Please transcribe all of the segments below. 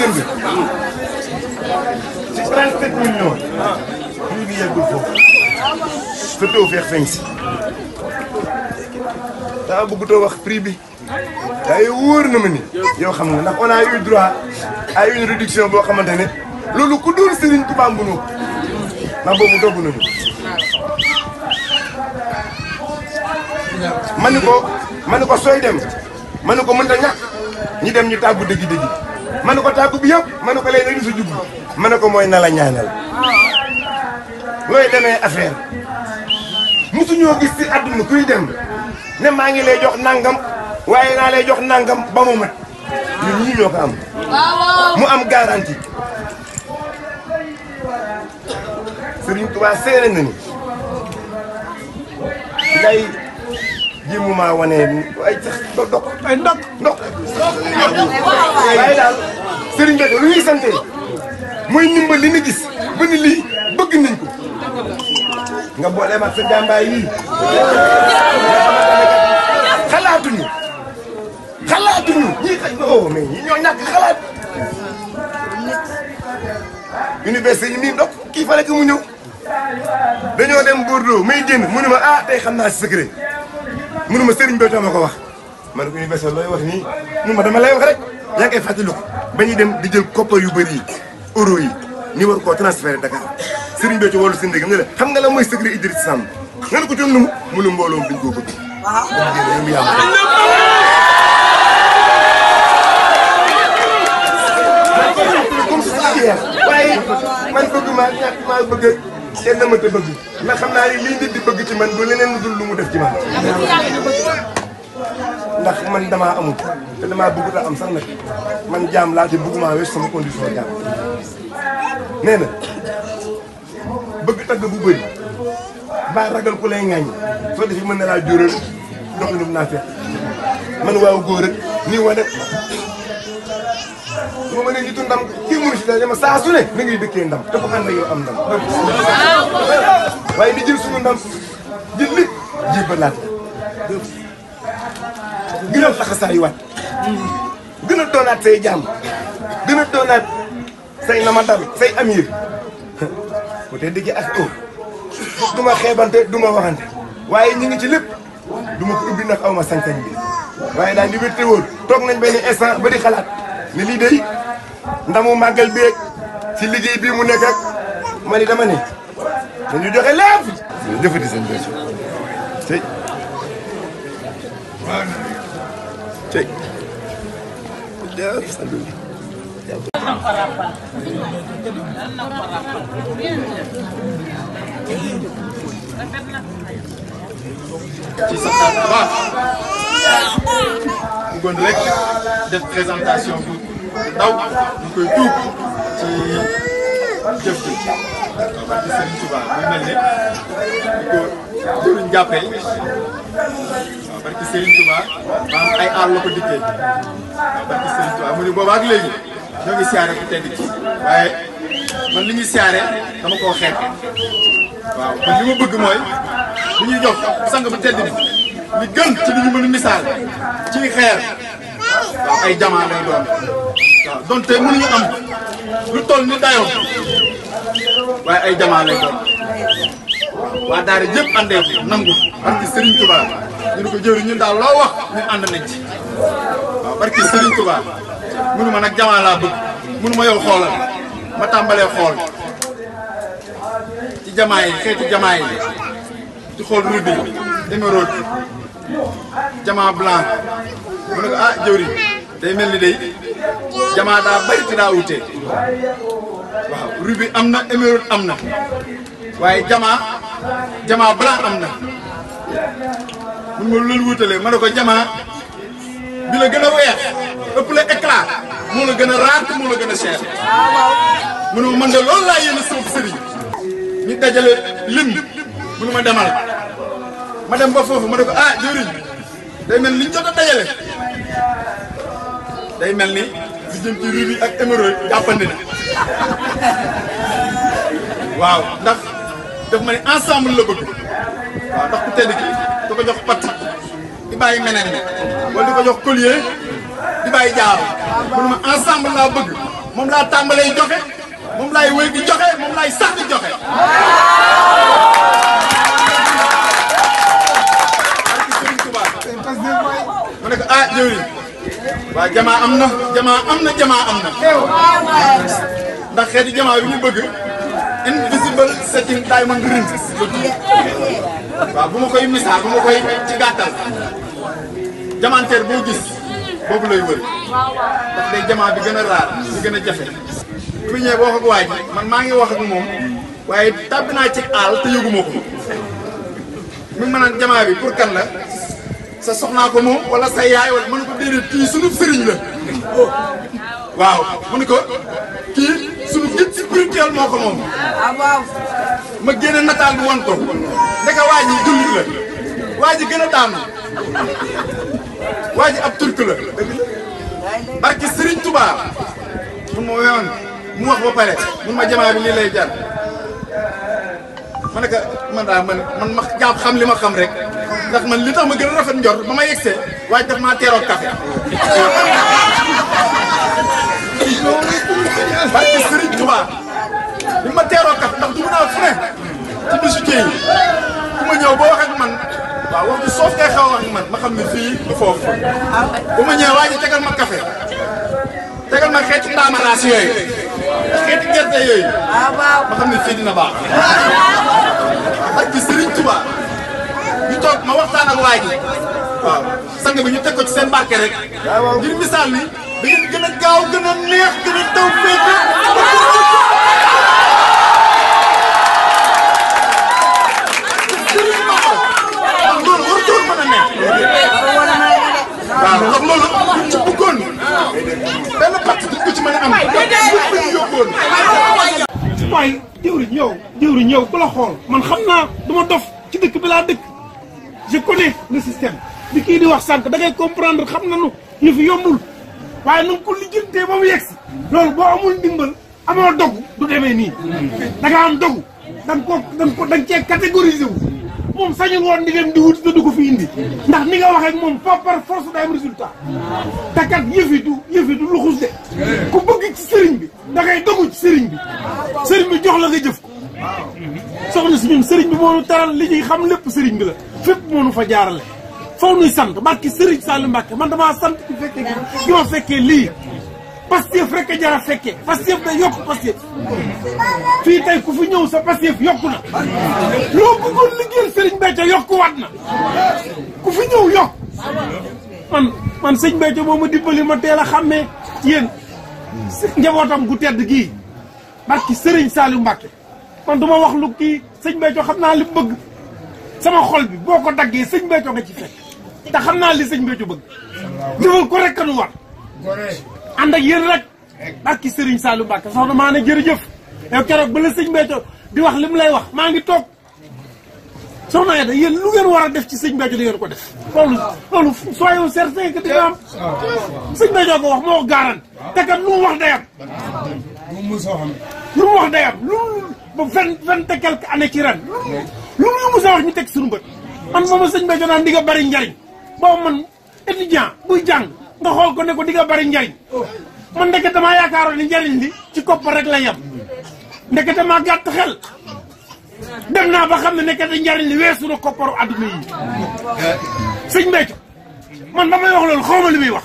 jënd ci 37 millions prix bi yeggul foofu sa taux feex feeñ si wax prix bi waaye wóor na ma ni yow xam nga ndax on a eu droit à une réduction boo xamante ne loolu ku dul Serigne Touba Mbuno ndax boobu dogg nañu ma ni ko ma ni ko sooy dem ma ni ko mënta ñàkk ñi dem ñu tàggu dëgg-dëgg man ne ko tàggu bi yëpp ma ne ko léegi su jublu ma ne ko mooy na la ñaanal looy demee affaire musuñoo gis ci àdduna kuy dem ne maa ngi lay jox nangam waaye naa lay jox nangam ba mu mat ñun am mu am garantie Serigne Touba seere na jéem maa wane ay do do ay ndox ndox. waaye daal Serigne Bethio lu ñuy sante mooy ndimbal li ñu gis ba bëgg nañ ko. nga boole ma sa jàmbaay yii. xalaatuñu xalaatuñu ñii xaj na oh ñii ñoo ñàkk xalaat. université yi nii ndox kii fa rek mu ñëw. dañoo dem Bordeaux may génn mu ne ma ah, tey xam naa secret. mënuma Serigne Béthio ma ko wax ma ne ko universel looy wax nii mun ma dama lay wax rek yaa ngi koy fàttaliku ba ñuy dem di jël koppar yu bëri yi ni war koo transféré Dakar Serigne Béthio wàllu si ndégam ne la xam nga la mooy secret Idriss Samb nga ne ko coono mu mu lu mbooloom duñ koo bëgg. waaw man bëgg maa ñàkk te dama te bëgg ndax xam naa ni lii nit bëgg ci man du leneen lu lu mu def ci man. ndax man damaa amul te damaa bëgg ta am sax nag man jaam laa te bëgguma wees sama condition jaam nee na bëgg tagg bu bëri baa ragal ku lay ŋaññi soo defee mën na laa jural doxinum naa fekk man waaw góor nii wane moo ma a jiitu ndam kii mënu si dara ma saa su ne na ngay dëkkee ndam dafa ànd ak yow am ndam. waaye di jël suñu ndam di lépp jébbalaat la gën a laxasaayuwaat gën a doonaat say jàmm gën a doonaat say namadal say amir bu dee dëgg ak kaw du ma xeebante du ma waxante waaye ñu ngi ci lépp du ma ko ubbi nag aw ma sañ-sañ waaye daal di wér toog nañ benn instant ba di xalaat. ne lii day ndamu màggal beeg ci liggéey bii mu nekk ak ma ni dama ne dañu joxe lépp. jëfati seen bés. tey. waaw. tey. ci sa bëggoon rek def présentation bu ndaw ñu koy tuub ci jëf ji wax ci Serigne Touba muy mel ko jëruñ jàppee waaw barki Serigne Touba maanaam ay aar dikkee barki Serigne Touba mu ne booba ak léegi ñoo ngi siyaare ku tedd ci waaye man li ñuy siyaare dama koo xeeb waaw man li ma bëgg mooy bu ñuy jox sang bu tedd bi li gën ci li ñu mën misaal ci xeer waaw ay jamaa lay doon waaw donte mënuñu am lu toll ni dayoo waaye ay jamaa lay doon waa daara yëpp àndee ko nangu barki Serigne Touba ñu ne ko jëwri ñun daal loo wax ñu ànd nañ ci waaw barki Serigne Touba mënu ma nag jamaa laa bëgg mënu ma yow xoolal ma tàmbalee xool ci jamaa yi xeetu jamaa yi ci xool rudi émeraude jamaa blanc mu ne ko ah day mel ni day jamaa daa bari te daa wute waaw rubis am na émeraude am na waaye jamaa jamaa blanc am na mun ma loolu wutalee ma ne ko jamaa bi la gën a weex ëpp la éclat moo gën a raar moo gën a cher mu ne loolu laa yéene sama sëriñ ñu dajale lim mu ne ma ma dem ba foofu ma ne ko ah jëriñ day mel ni liñ jot a dajale day mel ni ak émeraude jàppandi na waaw ndax daf ma ne ensemble la bëgg waaw ndax ku tedd ki jox patt di bàyyi meneen ni wala di jox collier di bàyyi jaaru mu ne ma ensemble laa bëgg moom laa tàmbalee joxe moom laay wéy di joxe moom laay sax di joxe ah jëwriñ waaw jamaa am na jamaa am na jamaa am na ndax xeeti jamaa bi ñu bëgg invisible setting diamond ring waaw bu ma koy misaal bu ma koy ci gàttal jamanteer boo gis boobu lay wër ndax day jamaa bi gën a raar bi gën a jafe bu ñëwee boo wax ak waaj man maa ngi wax ak moom waaye tàbb naa ci àll te yëguma ko mi ngi mën jamaa bi pour kan la sa soxnaa ko moom wala sa yaay wala mu déedéet kii sunu sëriñ la waaw mu ne sunu guide spirituel moo ko moom ah, ma génne nataal bi won ko ndeka waa ji la waa ji gën a daanu ab turk la barki sëriñ Tuubaa mun ma wewoon mu wax ba pare mun ma jamaa lii lay jar ma ne ko man daa man ma jàpp xam li ma xam rek ndax man li tax ma gën a rafet njor ba ma yegsee waaye daf maa teeroo café barke Sëriñ Tuubaa bi ma teeroo café ndax dugg naa fu ne ci bisu Thiey ku ma ñëw boo wax man waaw wax soof kay xaw wax man ma xam ne fii du foofu bu ma ñëwee waaye tegal ma café tegal ma xeetu ndaamaraas yooyu xeetu gerte yooyu ma xam ne fii dina baax barke Sëriñ Tuubaa ñu toog ma waxtaan ak waa ji waaw sang bi ñu teg ko ci seen barke rek ngir misaal ni da gën a gaaw gën a neex gën a taw féex waaw ndax loolu buñ ci bëggoon benn pàcc duñ ko ci ñu yóbboon. waaye jëwriñ ñëw jëwriñ ñëw ku la xool man xam naa dama dof ci dëkk bi laa dëkk. je connais système bi kii di wax sànq da ngay comprendre xam nañu yëf yombul waaye na nga ko lijjantee ba mu yegg si loolu boo amul ndimbal amoo dogu du demee nii da am dogu da ko da nga ko da cee catégoriser wu moom sañu woon di dem di wuti te du ko fi indi ndax ni nga waxee moom par par force day am résultat te kat yëfi luxus de ku bëgg ci sëriñ bi da ngay ci sëriñ bi sëriñ bi jox la nga jëf ko soxna si ñun sëriñ bi moo ñu teral li ñuy xam lépp sëriñ bi la fépp moo nu fa jaarale. faw nuy sant barki sëriñ Saliou Mbacke man damaa sant ci fekkee gi ma fekkee lii Pastef rek a jar a fekkee Pastef day yokk Pastef fii tey ku fu ñëw sa Pastef yokku na loo bëggoon liggéeyal sëriñ Béthio yokkuwaat na ku fi ñëw yokk man sëñ Béthio moo ma dimbali ma teel a xàmmee yéen njabootam gu tedd gii barki sëriñ Saliou Mbacke kon du ma wax lu kii sëñ Béthio xam naa li mu bëgg sama xol bi boo ko daggee sëñ Béthio nga ci fekk te xam naa li sëñ Béthio bëgg defal ko rek kanu war ànd ak yën rek barki Sëriñ Saliou Mbacke soxna maa ne jërëjëf yow keroog ba sëñ Béthio di wax li mu lay wax maa ngi toog soxna Aida yéen lu war a def ci sëñ Béthio di ko def loolu loolu soyons certain que dina am sëñ Béthio lu wax day lu wax day lu boo vingt vingt et quelques années ci ren. lu mu mos a wax ñu teg suñu bët. man moom sëñ Ba naan di bari njariñ boobu man étudiant buy jàng nga xool ko ne ko di nga bari njariñ man ndeket damaa yaakaaroon ne njariñ li ci koppar rek la yem. ndeket damaa gàtt xel dem naa ba xam ne ndeket njariñ li weesu na kopparu adduna yi sëñ Ba man ba may wax loolu xaw li muy wax.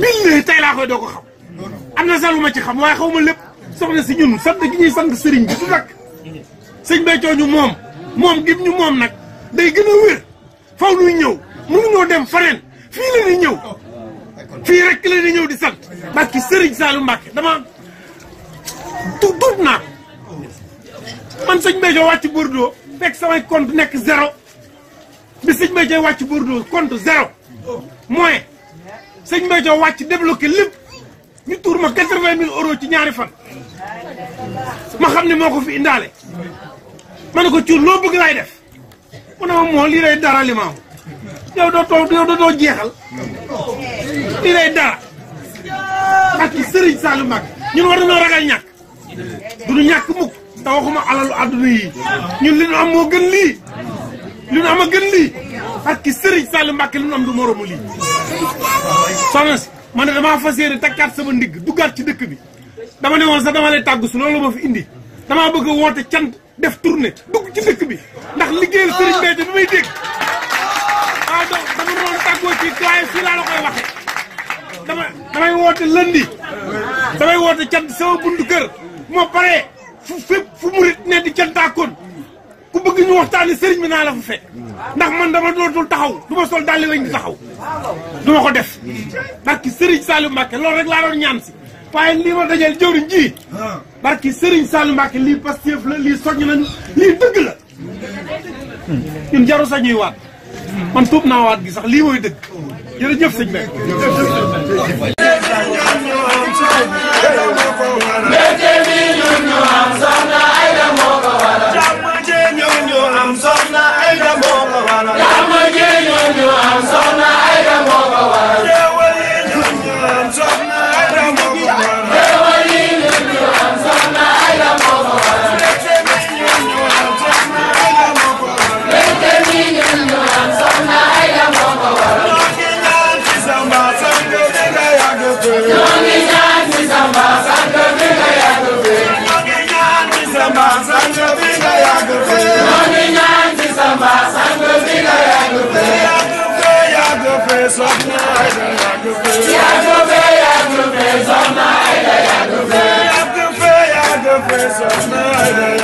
biñ ne tey laa koy doo ko xam am na sax lu ma ci xam waaye xaw ma lépp. soxna si ñun sant gi ñuy sant sëriñ bi du dakk sëñ Béthio ñu moom moom gib ñu moom nag day gën wér faw nuy ñëw mënuñoo dem fareen fii la ñuy ñëw fii rek la ñëw di sant parce que sëriñ Saliou Mbacké dama tuut naa man sëñ Béthio wàcc Bordeaux fekk samay compte nekk zéro bi sëñ Béthio wàcc Bordeaux kont zéro mooy sëñ Béthio wàcc débloqué lépp ñu tuur ma quatre-vingt mille euros ci ñaari fan ma xam ne moo ko fi indaale ma ne ko cuur loo bëgg def mu ne moo lii lay dara li ma doo too yow doo too jeexal lii lay dara ak sëriñ Saliou Mbacké ñun war nañoo ragal ñàkk du ñu ñàkk mukk te waxuma alalu àdduna yi ñun li ñu am moo gën lii li ñu am a gën lii parce que Serigne Saliou Mbacké li am du moromu lii soxna man ne damaa fas yéene takkaat sama ndigg duggaat ci dëkk bi dama ne woon sax dama lay tàggu si loolu ma fi indi damaa bëgg a woote cant def tournée dugg ci dëkk bi ndax liggéeyal Serigne Béthio bi may dégg waaw ah donc dama doon tàggoo ci waaye fii laa la koy waxee dama damay woote lundi damay woote cant ku bëgg ñu waxtaani sëriñ bi naa la fa fekk ndax man dama dootul taxaw du ma sol dàlli weñ di taxaw du ma ko def ndax ki sëriñ Saliou Mbacké loolu rek laa doon ñaan si waaye lii ma dajeel jëwriñ ji ah. barki Serigne Sall Mbacke lii Pastef la lii soññ nañu lii dëgg la ñun jaru sax ñuy waat man tuub naa waat gi sax lii mooy dëgg jërëjëf sëñ bi Sohna Ayda, Sohna Ayda